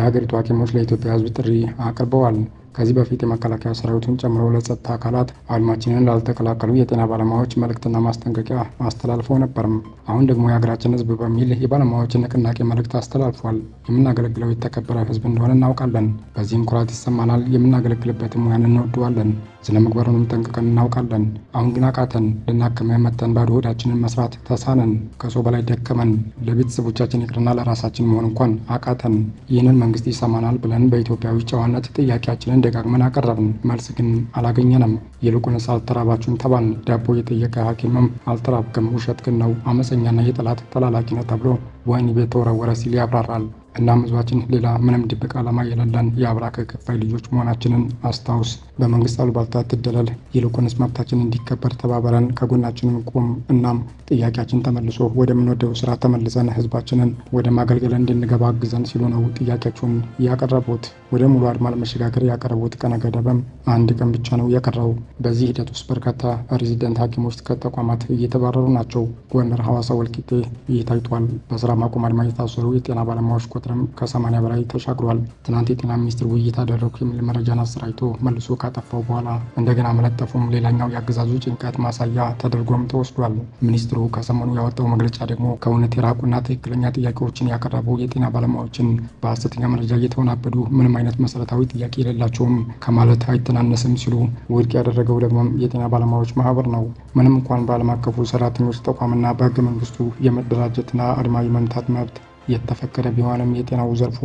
የሀገሪቱ ሐኪሞች ለኢትዮጵያ ሕዝብ ጥሪ አቅርበዋል። ከዚህ በፊት የመከላከያ ሰራዊቱን ጨምሮ ለጸጥታ አካላት አድማችንን ላልተቀላቀሉ የጤና ባለሙያዎች መልእክትና ማስጠንቀቂያ አስተላልፈው ነበርም። አሁን ደግሞ የሀገራችን ህዝብ በሚል የባለሙያዎች ንቅናቄ መልእክት አስተላልፏል። የምናገለግለው የተከበረ ህዝብ እንደሆነ እናውቃለን። በዚህም ኩራት ይሰማናል። የምናገለግልበትም ሙያን እንወደዋለን። ስነ ምግባሩንም ጠንቅቀን እናውቃለን። አሁን ግን አቃተን። ልናክምህ መተን ባዶ ሆዳችንን መስራት ተሳነን። ከሰው በላይ ደከመን። ለቤተሰቦቻችን ይቅርና ለራሳችን መሆን እንኳን አቃተን። ይህንን መንግስት ይሰማናል ብለን በኢትዮጵያዊ ጨዋነት ጥያቄያችንን ጥያቄያችንን ደጋግመን አቀረብን፣ መልስ ግን አላገኘንም። ይልቁንስ አልተራባችሁም ተባልን። ዳቦ የጠየቀ ሐኪምም አልተራብክም፣ ውሸት ግን ነው፣ አመፀኛና የጠላት ተላላኪ ነው ተብሎ ወህኒ ቤት ተወረወረ ሲል ያብራራል። እናም ህዝባችን ሌላ ምንም ድብቅ ዓላማ የሌለን የአብራክ ክፋይ ልጆች መሆናችንን አስታውስ። በመንግስት አሉባልታ ትደለል ይልቁንስ መብታችን እንዲከበር ተባበረን፣ ከጎናችንን ቁም። እናም ጥያቄያችን ተመልሶ ወደምንወደው ስራ ተመልሰን ህዝባችንን ወደ ማገልገል እንድንገባ አግዘን ሲሉ ነው ጥያቄያቸውን ያቀረቡት። ወደ ሙሉ አድማ ለመሸጋገር ያቀረቡት ቀነ ገደብም አንድ ቀን ብቻ ነው የቀረው። በዚህ ሂደት ውስጥ በርካታ ሬዚደንት ሐኪሞች ከተቋማት እየተባረሩ ናቸው። ጎንደር፣ ሐዋሳ፣ ወልቂጤ ይህ ታይቷል። በስራ ማቆም አድማ የታሰሩ የጤና ባለሙያዎች ቁጥርም ከሰማንያ በላይ ተሻግሯል። ትናንት የጤና ሚኒስትር ውይይት አደረጉ የሚል መረጃን አሰራጭቶ መልሶ ካጠፋው በኋላ እንደገና መለጠፉም ሌላኛው የአገዛዙ ጭንቀት ማሳያ ተደርጎም ተወስዷል። ሚኒስትሩ ከሰሞኑ ያወጣው መግለጫ ደግሞ ከእውነት የራቁና ትክክለኛ ጥያቄዎችን ያቀረቡ የጤና ባለሙያዎችን በሀሰተኛ መረጃ እየተወናበዱ ምንም አይነት መሰረታዊ ጥያቄ የሌላቸውም ከማለት አይተናነስም ሲሉ ውድቅ ያደረገው ደግሞ የጤና ባለሙያዎች ማህበር ነው። ምንም እንኳን በዓለም አቀፉ ሰራተኞች ተቋምና በህገ መንግስቱ የመደራጀትና አድማ የመምታት መብት የተፈቀደ ቢሆንም የጤናው ዘርፉ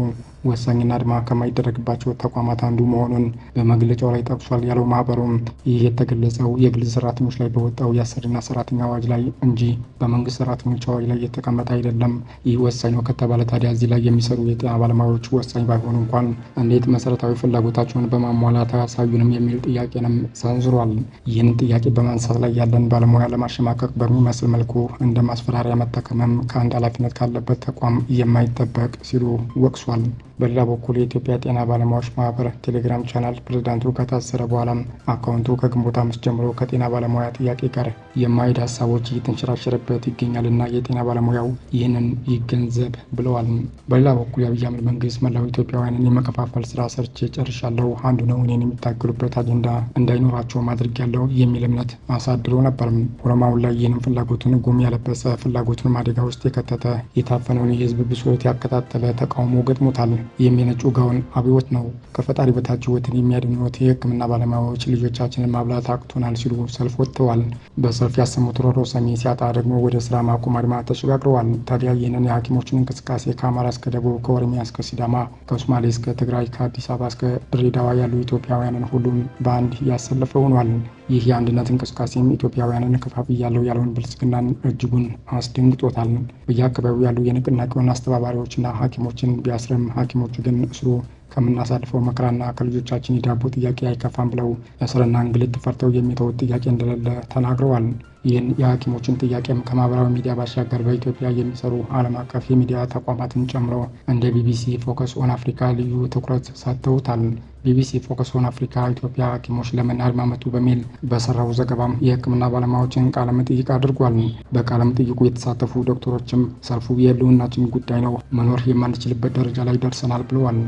ወሳኝና አድማ ከማይደረግባቸው ተቋማት አንዱ መሆኑን በመግለጫው ላይ ጠቅሷል ያለው ማህበሩም ይህ የተገለጸው የግል ሰራተኞች ላይ በወጣው የአሰሪና ሰራተኛ አዋጅ ላይ እንጂ በመንግስት ሰራተኞች አዋጅ ላይ የተቀመጠ አይደለም። ይህ ወሳኝ ነው ከተባለ ታዲያ እዚህ ላይ የሚሰሩ የጤና ባለሙያዎች ወሳኝ ባይሆኑ እንኳን እንዴት መሰረታዊ ፍላጎታቸውን በማሟላት አያሳዩንም የሚል ጥያቄንም ሰንዝሯል። ይህን ጥያቄ በማንሳት ላይ ያለን ባለሙያ ለማሸማቀቅ በሚመስል መልኩ እንደ ማስፈራሪያ መጠቀምም ከአንድ ኃላፊነት ካለበት ተቋም የማይጠበቅ ሲሉ ወቅሷል። በሌላ በኩል የኢትዮጵያ ጤና ባለሙያዎች ማህበር ቴሌግራም ቻናል ፕሬዚዳንቱ ከታሰረ በኋላ አካውንቱ ከግንቦት አምስት ጀምሮ ከጤና ባለሙያ ጥያቄ ጋር የማይድ ሀሳቦች እየተንሸራሸረበት እና የጤና ባለሙያው ይህንን ይገንዘብ ብለዋል። በሌላ በኩል የአብይ አህመድ መንግስት መላው ኢትዮጵያውያንን የመከፋፈል ስራ ሰርቼ ጨርሻለሁ፣ አንዱ ነው እኔን የሚታገሉበት አጀንዳ እንዳይኖራቸው ማድረግ ያለው የሚል እምነት አሳድሮ ነበር። ኦሮማውን ላይ ይህንን ፍላጎቱን ጉም ያለበሰ ፍላጎቱን አደጋ ውስጥ የከተተ የታፈነውን የህዝብ ብሶት ያከታተለ ተቃውሞ ገጥሞታል። የሚነጩ ጋውን አብዮት ነው። ከፈጣሪ በታች ህይወትን የሚያድኑት የህክምና ባለሙያዎች ልጆቻችንን ማብላት አቅቶናል ሲሉ ሰልፍ ወጥተዋል። በሰልፍ ያሰሙት ሮሮ ሰሚ ሲያጣ ደግሞ ወደ ስራ ማቆም አድማ ተሸጋግረዋል። ታዲያ ይህንን የሐኪሞችን እንቅስቃሴ ከአማራ እስከ ደቡብ፣ ከኦሮሚያ እስከ ሲዳማ፣ ከሶማሌ እስከ ትግራይ፣ ከአዲስ አበባ እስከ ድሬዳዋ ያሉ ኢትዮጵያውያንን ሁሉም በአንድ ያሰለፈ ሆኗል። ይህ የአንድነት እንቅስቃሴም ኢትዮጵያውያንን ከፋፍ እያለው ያለውን ብልጽግናን እጅጉን አስደንግጦታል። በየአካባቢው ያሉ የንቅናቄውን አስተባባሪዎችና ሐኪሞችን ቢያስረም ሐኪሞቹ ግን እስሩ ከምናሳልፈው መከራና ከልጆቻችን የዳቦ ጥያቄ አይከፋም ብለው እስርና እንግልት ፈርተው የሚተውት ጥያቄ እንደሌለ ተናግረዋል። ይህን የሐኪሞችን ጥያቄም ከማህበራዊ ሚዲያ ባሻገር በኢትዮጵያ የሚሰሩ ዓለም አቀፍ የሚዲያ ተቋማትን ጨምሮ እንደ ቢቢሲ ፎከስ ኦን አፍሪካ ልዩ ትኩረት ሰጥተውታል። ቢቢሲ ፎከስ ኦን አፍሪካ ኢትዮጵያ ሐኪሞች ለምን አድማመቱ በሚል በሰራው ዘገባም የሕክምና ባለሙያዎችን ቃለመጠይቅ አድርጓል። በቃለመጠይቁ የተሳተፉ ዶክተሮችም ሰልፉ የህልውናችን ጉዳይ ነው፣ መኖር የማንችልበት ደረጃ ላይ ደርሰናል ብለዋል።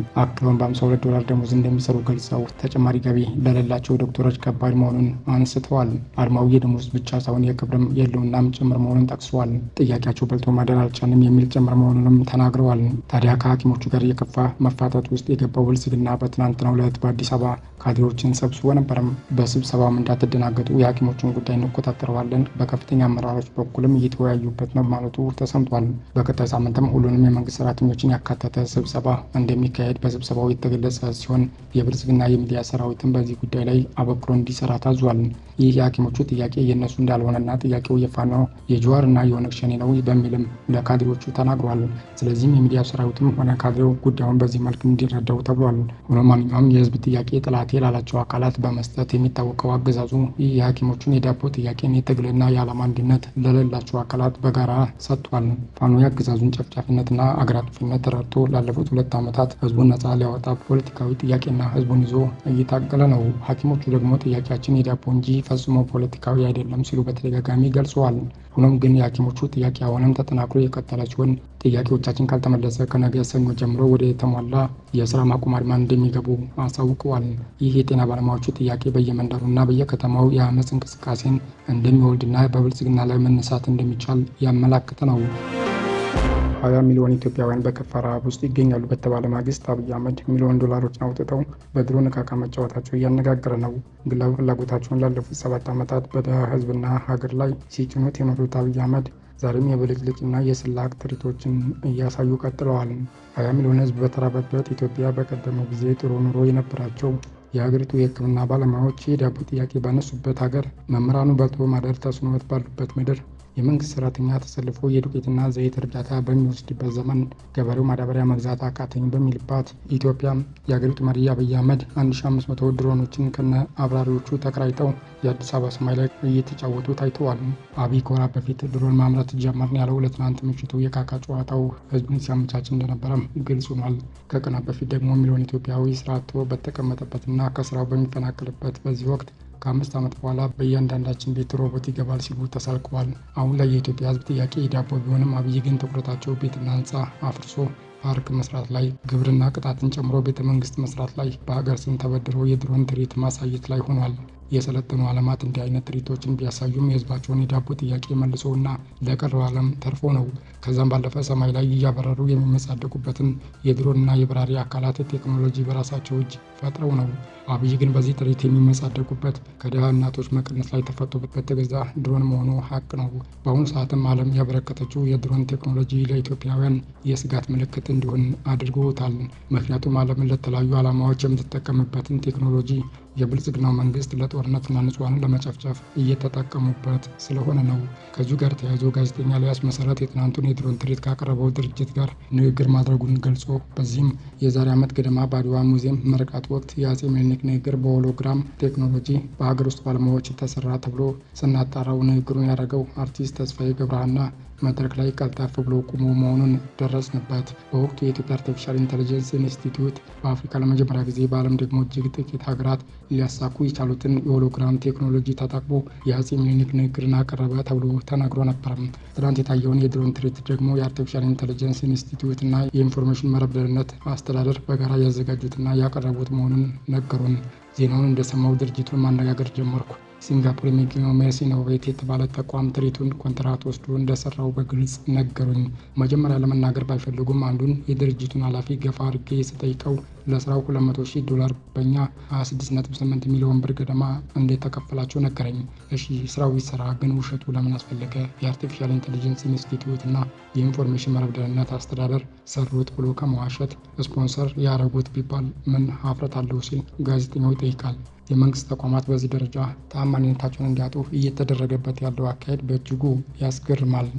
ሲሆን በ52 ዶላር ደሞዝ እንደሚሰሩ ገልጸው ተጨማሪ ገቢ ለሌላቸው ዶክተሮች ከባድ መሆኑን አንስተዋል። አድማው የደሞዝ ብቻ ሳይሆን የክብርም የለውናም ጭምር መሆኑን ጠቅሰዋል። ጥያቄያቸው በልቶ ማደር አልቻልንም የሚል ጭምር መሆኑንም ተናግረዋል። ታዲያ ከሐኪሞቹ ጋር የከፋ መፋጠጥ ውስጥ የገባው ብልጽግና በትናንትናው ዕለት በአዲስ አበባ ካድሬዎችን ሰብስቦ ነበርም። በስብሰባም እንዳትደናገጡ የሀኪሞቹን ጉዳይ እንቆጣጠረዋለን፣ በከፍተኛ አመራሮች በኩልም እየተወያዩበት ነው ማለቱ ተሰምቷል። በቀጣይ ሳምንትም ሁሉንም የመንግስት ሰራተኞችን ያካተተ ስብሰባ እንደሚካሄድ በስብሰባ ስብሰባው የተገለጸ ሲሆን የብልጽግና የሚዲያ ሰራዊትን በዚህ ጉዳይ ላይ አበክሮ እንዲሰራ ታዟል። ይህ የሐኪሞቹ ጥያቄ የእነሱ እንዳልሆነና ጥያቄው የፋኖ የጀዋርና የኦነግ ሸኔ ነው በሚልም ለካድሬዎቹ ተናግሯል። ስለዚህም የሚዲያ ሰራዊትም ሆነ ካድሬው ጉዳዩን በዚህ መልክ እንዲረዳው ተብሏል። ሆኖ ማንኛውም የህዝብ ጥያቄ ጥላቴ ላላቸው አካላት በመስጠት የሚታወቀው አገዛዙ ይህ የሐኪሞቹን የዳቦ ጥያቄን የትግልና የዓላማ አንድነት ለሌላቸው አካላት በጋራ ሰጥቷል። ፋኖ የአገዛዙን ጨፍጫፊነትና አገር አጥፊነት ተረድቶ ላለፉት ሁለት ዓመታት ህዝቡን ነጻ እያወጣ ፖለቲካዊ ጥያቄና ህዝቡን ይዞ እየታገለ ነው። ሐኪሞቹ ደግሞ ጥያቄያችን የዳቦ እንጂ ፈጽሞ ፖለቲካዊ አይደለም ሲሉ በተደጋጋሚ ገልጸዋል። ሆኖም ግን የሐኪሞቹ ጥያቄ አሁንም ተጠናክሮ የቀጠለ ሲሆን ጥያቄዎቻችን ካልተመለሰ ከነገ ሰኞ ጀምሮ ወደ የተሟላ የስራ ማቆም አድማ እንደሚገቡ አሳውቀዋል። ይህ የጤና ባለሙያዎቹ ጥያቄ በየመንደሩና በየከተማው የአመፅ እንቅስቃሴን እንደሚወልድና በብልጽግና ላይ መነሳት እንደሚቻል ያመላክተ ነው። 20 ሚሊዮን ኢትዮጵያውያን በከፋ ረሃብ ውስጥ ይገኛሉ በተባለ ማግስት አብይ አህመድ ሚሊዮን ዶላሮችን አውጥተው በድሮ ነቃቃ መጫወታቸው እያነጋገረ ነው። ግላዊ ፍላጎታቸውን ላለፉት ሰባት ዓመታት በድሃ ሕዝብና ሀገር ላይ ሲጭኑት የኖሩት አብይ አህመድ ዛሬም የብልጭልጭና የስላቅ ትርኢቶችን እያሳዩ ቀጥለዋል። 20 ሚሊዮን ሕዝብ በተራበበት ኢትዮጵያ በቀደመው ጊዜ ጥሩ ኑሮ የነበራቸው የሀገሪቱ የሕክምና ባለሙያዎች የዳቦ ጥያቄ ባነሱበት ሀገር መምህራኑ በልቶ ማደር ተስኖት ባሉበት ምድር የመንግስት ሰራተኛ ተሰልፎ የዱቄትና ዘይት እርዳታ በሚወስድበት ዘመን ገበሬው ማዳበሪያ መግዛት አቃተኝ በሚልባት ኢትዮጵያ የአገሪቱ መሪ አብይ አህመድ 1500 ድሮኖችን ከነ አብራሪዎቹ ተከራይተው የአዲስ አበባ ሰማይ ላይ እየተጫወቱ ታይተዋል። አብይ ኮራ በፊት ድሮን ማምረት ጀመርን ያለው ለትናንት ምሽቱ የካካ ጨዋታው ህዝብን ሲያመቻች እንደነበረ ግልጽ ሆኗል። ከቀናት በፊት ደግሞ ሚሊዮን ኢትዮጵያዊ ስራ አጥቶ በተቀመጠበትና ከስራው በሚፈናቀልበት በዚህ ወቅት ከአምስት ዓመት በኋላ በእያንዳንዳችን ቤት ሮቦት ይገባል ሲሉ ተሳልቀዋል። አሁን ላይ የኢትዮጵያ ሕዝብ ጥያቄ የዳቦ ቢሆንም አብይ ግን ትኩረታቸው ቤትና ህንፃ አፍርሶ ፓርክ መስራት ላይ፣ ግብርና ቅጣትን ጨምሮ ቤተ መንግስት መስራት ላይ፣ በሀገር ስም ተበድሮ የድሮን ትርኢት ማሳየት ላይ ሆኗል። የሰለጠኑ ዓለማት እንዲህ አይነት ትርኢቶችን ቢያሳዩም የህዝባቸውን የዳቦ ጥያቄ መልሶ እና ለቀረው ዓለም ተርፎ ነው። ከዛም ባለፈ ሰማይ ላይ እያበረሩ የሚመጻደቁበትን የድሮንና የበራሪ አካላት ቴክኖሎጂ በራሳቸው እጅ ፈጥረው ነው። አብይ ግን በዚህ ትርኢት የሚመጻደቁበት ከድሃ እናቶች መቀነስ ላይ ተፈቶበት በተገዛ ድሮን መሆኑ ሀቅ ነው። በአሁኑ ሰዓትም ዓለም ያበረከተችው የድሮን ቴክኖሎጂ ለኢትዮጵያውያን የስጋት ምልክት እንዲሆን አድርጎታል። ምክንያቱም ዓለምን ለተለያዩ ዓላማዎች የምትጠቀምበትን ቴክኖሎጂ የብልጽግናው መንግስት ለጦርነትና ንጹሐንን ለመጨፍጨፍ እየተጠቀሙበት ስለሆነ ነው። ከዚሁ ጋር ተያይዞ ጋዜጠኛ ሊያስ መሰረት የትናንቱን የድሮን ትርኢት ካቀረበው ድርጅት ጋር ንግግር ማድረጉን ገልጾ በዚህም የዛሬ ዓመት ገደማ በአድዋ ሙዚየም ምርቃት ወቅት የአጼ ምኒልክ ንግግር በሆሎግራም ቴክኖሎጂ በሀገር ውስጥ ባለሙያዎች ተሰራ ተብሎ ስናጣራው ንግግሩን ያደረገው አርቲስት ተስፋዬ ገብረሃና መድረክ ላይ ቀልጣፍ ብሎ ቆሞ መሆኑን ደረስንበት። በወቅቱ የኢትዮጵያ አርቲፊሻል ኢንቴሊጀንስ ኢንስቲትዩት በአፍሪካ ለመጀመሪያ ጊዜ በዓለም ደግሞ እጅግ ጥቂት ሀገራት ሊያሳኩ የቻሉትን የሆሎግራም ቴክኖሎጂ ተጠቅሞ የአፄ ምኒልክ ንግግርን አቀረበ ተብሎ ተነግሮ ነበረም። ትናንት የታየውን የድሮን ትርኢት ደግሞ የአርቲፊሻል ኢንቴሊጀንስ ኢንስቲትዩት እና የኢንፎርሜሽን መረብ ደህንነት አስተዳደር በጋራ ያዘጋጁትና ያቀረቡት መሆኑን ነገሩን። ዜናውን እንደሰማው ድርጅቱን ማነጋገር ጀመርኩ። ሲንጋፖር የሚገኘው ሜርሲኖቬት የተባለ ተቋም ትርኢቱን ኮንትራት ወስዶ እንደሰራው በግልጽ ነገሩኝ። መጀመሪያ ለመናገር ባይፈልጉም አንዱን የድርጅቱን ኃላፊ ገፋ አድርጌ ስጠይቀው ለስራው 200 ሺህ ዶላር በኛ 26.8 ሚሊዮን ብር ገደማ እንደተከፈላቸው ነገረኝ። እሺ ስራው ይሰራ፣ ግን ውሸቱ ለምን አስፈለገ? የአርቲፊሻል ኢንቴሊጀንስ ኢንስቲትዩት እና የኢንፎርሜሽን መረብ ደህንነት አስተዳደር ሰሩት ብሎ ከመዋሸት ስፖንሰር ያደረጉት ቢባል ምን ሀፍረት አለው ሲል ጋዜጠኛው ይጠይቃል። የመንግስት ተቋማት በዚህ ደረጃ ተአማኒነታቸውን እንዲያጡ እየተደረገበት ያለው አካሄድ በእጅጉ ያስገርማል።